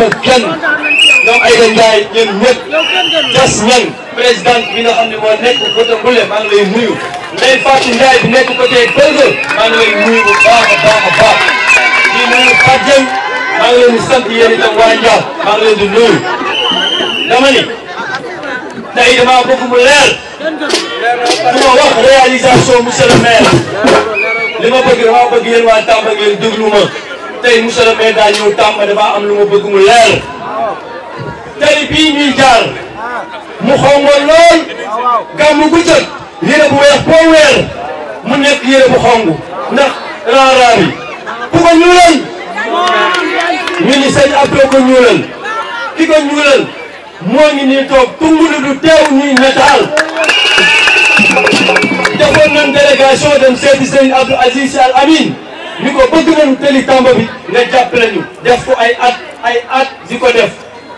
ma kenn ñoom Aïda Ndiaye ñun ñëpp des ñan présidente bi nga xam ne moo nekk côté Mbule maa ngi lay nuyu. Ndeye Fatou Ndiaye bi nekk côté Kër maa ngi lay nuyu bu baax a baax a baax di nuyu Fatou Dieng maa ngi leen di sant yéen itam waa Ndiaye maa ngi leen di nuyu dama ni tey damaa bëgg mu leer du ma wax réalisation monsieur le maire li ma bëgg damaa bëgg yéen waa Tamba ngeen déglu ma. tey monsieur le maire daa ñëw Tamba am lu ma bëgg leer tey bii ñuy jaar mu xongo lool gàmmu gu jot yére bu weex boo mu nekk yére bu xongu ndax raaraar yi ko ñuulal ñu ni sëñ Abdou ko ñuulal ki ko ñuulal moo ngi nii toog tungulu du teew ñuy nataal defoon nañ délégation dem seeti sëñ Abdou Aziz Al Amin ni ko bëgg nañu tëli Tamba bi nga jàppale ñu def ko ay at ay at di ko def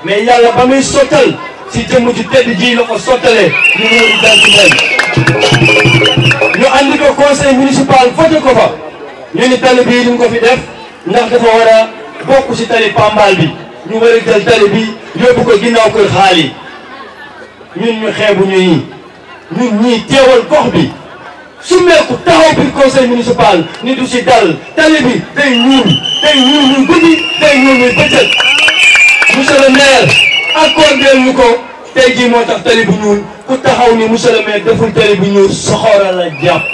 mais yàlla ba muy sottal ci jëmm ci tedd ji la ko sottalee ñu ñëw dal ci mbay ñu andi ko conseil municipal voté ko fa ñu ni tali bii ñu ko fi def ndax dafa war a bokk ci tali Pambal bi ñu war a jël tali bi yóbbu ko ginnaaw kër xaal yi ñun ñu xeebu ñu yi ñun ñii teewal gox bi summeeku taxaw biir conseil municipal ni du si dal tali bi day ñuul day ñuul muy guddi day ñuul muy bëccëg monsieur le maire accordé ñu ko tey jii moo tax tali bu ñuul ku taxaw ni monsieur mu maire deful tali bu ñuul soxora la jàpp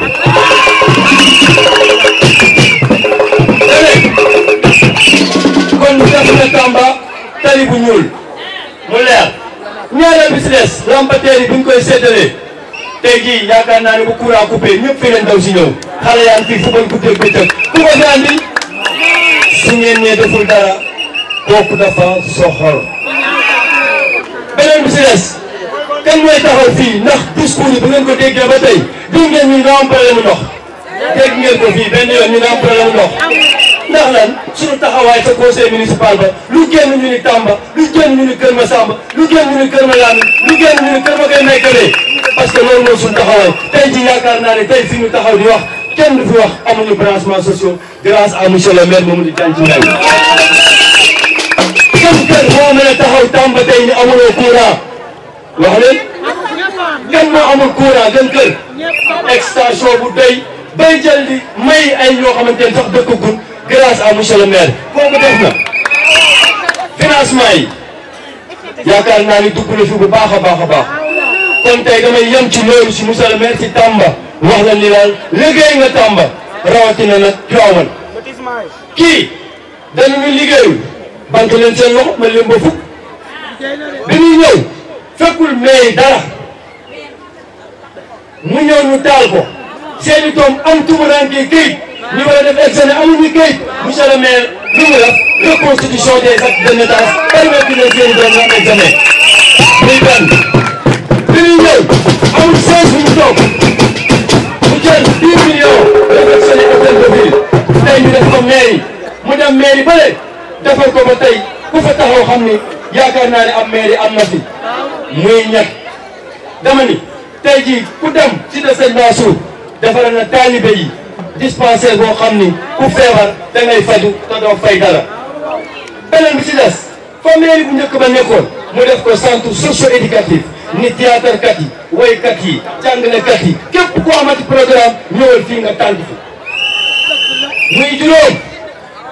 kon def na Tamba tali bu ñuul mu leer ñaareel bi si des lampateer yi bi ñu tey jii yaakaar naa ne bu courant coupé ñëpp fii leen si ñëw xale yaa ngi fi football guddeeg bëccëg ku ko fi andi su ngeen ñee deful dara kooku dafa soxor. beneen bi si des kan mooy taxaw fii ndax discours yi bu ngeen ko déggee ba tey du ngeen ñu ndox dégg ngeen ko ñu nga am problème ndox. ndax taxawaay sa conseil municipal ba lu génn ñu ni Tamba lu génn ñu ni Kër Masamba lu génn ñu ni Kër Malane lu génn ñu ni Kër Maguette Mekele. parce que loolu mooy suñu taxawaay tey ji yaakaar naa ne tey fi ñu taxaw di wax kenn du fi wax amuñu branchement social grâce à monsieur le maire Mamadou Diagne ci ndaw kenn kenn moo mën a taxaw tàmba tey ni amuloo courant wax leen kenn moo amul bu doy bay jël may ay ñoo xamante ne sax dëkkagul grâce à monsieur le maire kooku yi yaakaar naa ni dugg na fi baax a baax a baax kon tey damay yem ci loolu si Tamba wax la ni daal liggéey nga Tamba rawatina nag Tiwaawan kii dañu liggéeyul banque leen seen loxo ma leen ba fukk bi ñuy ñëw fekkul mais dara mu ñëw ñu taal ko seeni doom am tumuraanke këyit ñu war a def examen amuñu këyit monsieur le lu mu def reconstitution des actes de naissance permettre leen seeni doom ñu am examen benn kanam mairie bële defar ko ba tey ku fa taxaw xam ni yaakaar naa ne am mairie am na fi muy ñett dama ni tey jii ku dem ci de sëñ Mansour defaral na taalibe yi dispensaire boo xam ni ku feebar da ngay faju te doo fay dara beneen bi ci des fa mairie njëkk ba nekkoon mu def ko centre socio éducatif ni théâtre kat yi woykat yi jàngalekat yi képp ku amati programme ñëwal fii nga tànn fi muy juróom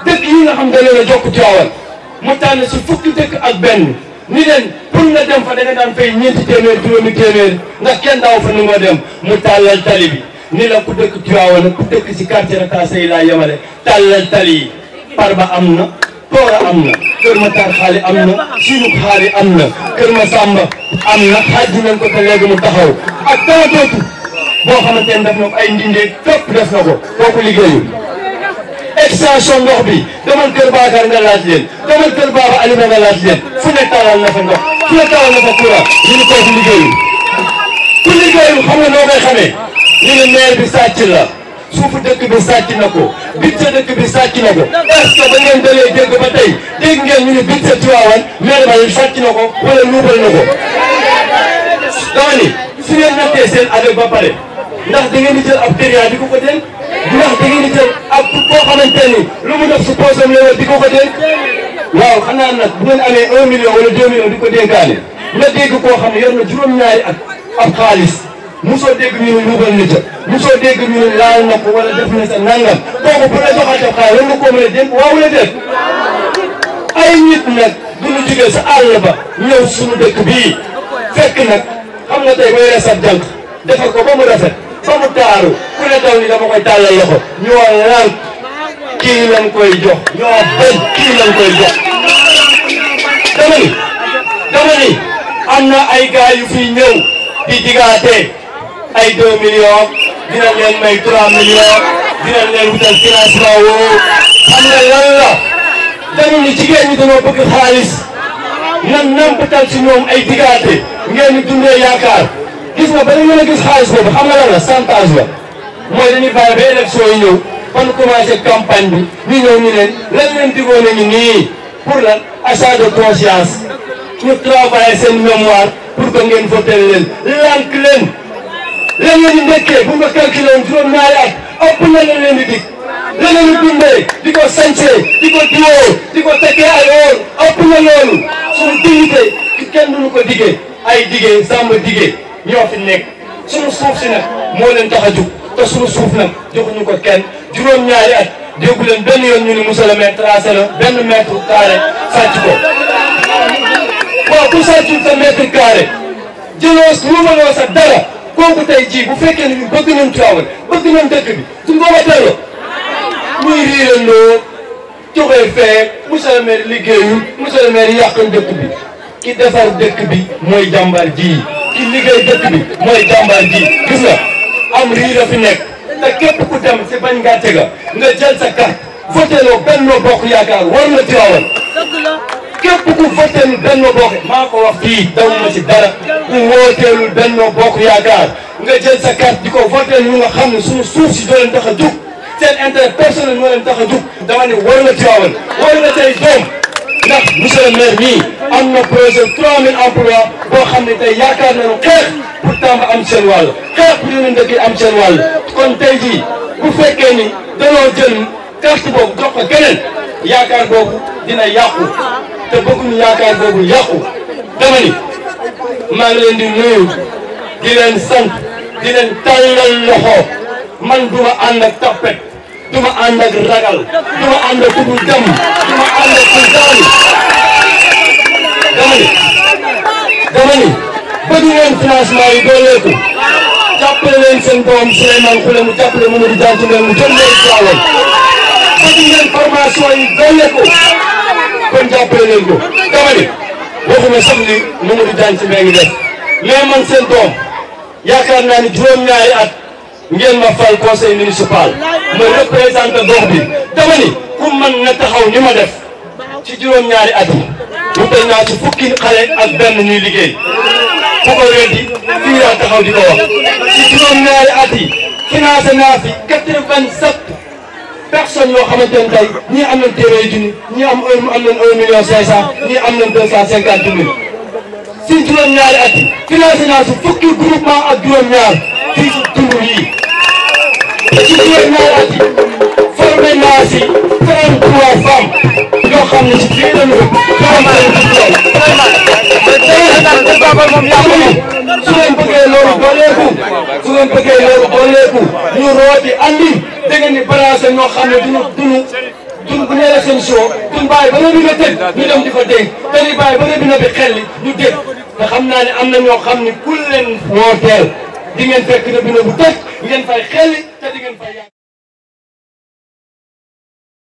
dëkk yi nga xam ne dañoo la jokk Tiwaawan mu tànn si fukki dëkk ak benn ni leen pour nga dem fa da nga daan fay ñeenti téeméer juróomi téeméer ndax kenn daaw fa nu nga dem mu tàllal tali bi ni la ku dëkk Tiwaawan ku dëkk si quartier Ratassa yi laa yemale tàllal tali yi Parba am na Toora am na Kër Matar xaali am na Sinub xaali am na Kër Masamba am na xaaj nañ ko te léegi mu taxaw ak tant d'autres boo xamante ne def na ay ndindeeg fépp def na ko kooku extension ndox bi demal kër Bakar nga laaj leen demal kër Baba Alima nga laaj leen fu ne tawal na fa ndox fu ne tawal na fa courant ñu ne kooku liggéeyu ku liggéeyu xam nga noo koy xamee ñu ne maire bi sàcc la suufu dëkk bi sàcc na ko sa dëkk bi sàcc na ko est-ce que ngeen dalee dégg ba tey dégg ngeen ñu ne budget Tivaouane maire ba sàcc na ko wala luubal na ko dama ni su ngeen nattee seen avec ba pare ndax da ngeen di jël ab terrain di ko di wax dignité ak koo xamante ni lu mu def su poosam la di ko ko dénk waaw xanaa nag bu ngeen amee un million wala deux millions di ko dénkaane nga dégg koo xam ne yor na juróom-ñaari ak ab xaalis mosoo dégg ñu ne luubal na ca mosoo dégg ñu ne laal na ko wala def na sa nangam kooku bu la joxaatee xaalis war nga koo mën a dénk waaw la dénk ay nit nag du ñu jugee sa àll ba ñëw suñu dek bii fekk nag xam nga tey boo yore sa jànq defal ko ba mu rafet. ba mu taaru ku ne daw ni dama koy tàllal loxo ñoo lànk kii lañ koy jox ñoo bañ kii lañ koy jox dama ni dama na ay gars yu fi ñëw di digaatee ay 2 millions dinañ leen may 3 millions dinañ wutal financement woo xam nga lan ni jigéen ñi dañoo bëgg xaalis nan nambatal ci ñoom ay digaate ngeen di yaakaar gis nga ba ñu mën a gis xaalis boobu xam nga lan la chantage la mooy dañuy bàyyi ba élection yi ñëw kon commencé campagne bi ñu ñëw ñu nii pour lan achat de conscience ñu travailler seen mémoire pour que ngeen votel leen lànk leen lan ngeen di nekkee bu nga calculé woon juróom-ñaari at ëpp na lan leen di dig lan leen di di ko sañsee di ko diwoo di ko tekkee ay oor ëpp na loolu suñu dignité kenn duñu ko diggee ay diggee sàmm diggee ñoo fi nekk suñu suuf si nag moo leen tax a jug te suñu suuf nag joxuñu ko kenn juróom-ñaari at déggu leen benn yoon ñu ne monsieur le la benn mètre carré sàcc ko waaw ku sàccul sa mètre carré jëloo luumaloo sa dara kooku tey jii bu fekkee ne ñu bëgg nañ Tiwaawan bëgg nañ dëkk bi suñ ko waxteeloo muy riirandoo joxee fee monsieur le maire liggéeyul monsieur le dëkk bi ki defar dëkk bi mooy jàmbar jii ki liggéey dëkk bi mooy jàmbaar ji gis nga am rii la fi nekk te képp ku dem si bañ ngaa tega nga jël sa carte voté loo Benno Bokk Yaakaar war na Tiwaawan képp ku voté lu Benno Bokk maa ko wax fii daw ma ci dara ku wooteelul Benno Bokk Yaakaar nga jël sa carte di ko voté nga xam ne suñu suuf si doo leen tax a jug seen intérêt personnel moo leen tax a jug dama ne war na Tiwaawan war na tey doom ndax monsieur le maire mii am na projet 3000 emplois boo xam ne tey yaakaar nañu xeex pour Tamba am seen wàll xeex pour yeneen dëkk am seen wàll kon tey jii bu fekkee ni danoo jël carte boobu jox ko keneen yaakaar boobu dina yàqu te bëgguñu yaakaar boobu yàqu dama ni maa ngi leen di nuyu di leen sant di leen tàllal loxo man duma ànd ak tappet duma ànd ak ragal duma ànd ak ku dem duma ànd ak ku dama ni dama ni bëgg ngeen financement yi dooleeku jàppale leen seen doom Souleymane le mu jàppale Mamadou Diagne ci mu jëm leen Tivaouane bëgg ngeen formation yi dooleeku kon jàppale leen ko dama ni waxuma sax li Mamadou Diagne ci ngi def mais man seen doom yaakaar naa ni juróom-ñaari at ngeen ma fal conseil municipal ma représenté gox bi dama ni ku man na taxaw ni ma def. ci juróom-ñaari at yi wutal naa ci fukki xale ak benn ñuy liggéey ku ko weddi fii di ko ci juróom-ñaari at yi financé naa fi quatre yoo xamante ne tey ñii am nañ téeméeri junni ñii am am nañ un million cinq cent am nañ deux cent cinquante mille ci juróom-ñaari at yi financé naa si fukki groupement juróom-ñaar fii ci Tundu ci juróom-ñaari at yi formé naa si yoo xam ne lii la ñu su ngeen bëggee loolu dooleeku ñu rooti andi da ngeen di branché ñoo xam ne duñu duñu bu ñu la seen show bàyyi ba nga dina tëj di fa dégg te ñu bàyyi ba nga dina bi xel ñu dégg te xam naa ne am na ñoo xam ne ku leen wooteel di ngeen fekk ne dina bu tëj ngeen fay xel te di ngeen fay